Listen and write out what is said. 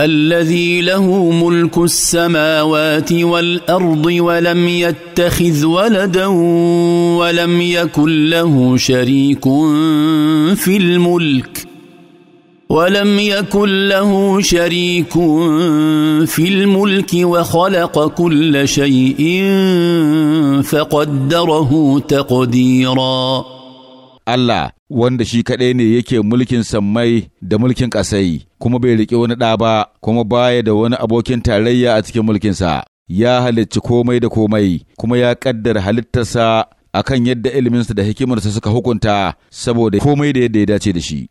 الذي له ملك السماوات والارض ولم يتخذ ولدا ولم يكن له شريك في الملك ولم يكن له شريك في الملك وخلق كل شيء فقدره تقديراً Allah wanda shi kaɗai ne yake mulkin sammai da mulkin ƙasai, kuma bai riƙe wani ɗa ba, kuma baya da wani abokin tarayya a cikin mulkinsa. Ya halicci komai da komai, kuma ya ƙaddara halittarsa a kan yadda iliminsa da hikimarsa suka hukunta saboda komai da yadda ya dace da shi.